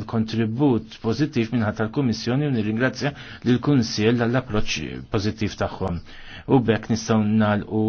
il-kontribut pozittiv minnħat tal-Kummissjoni u nirringrazzja lill-Kunsill għall approċċ pożittiv tagħhom. U bekk nistgħu nagħlqu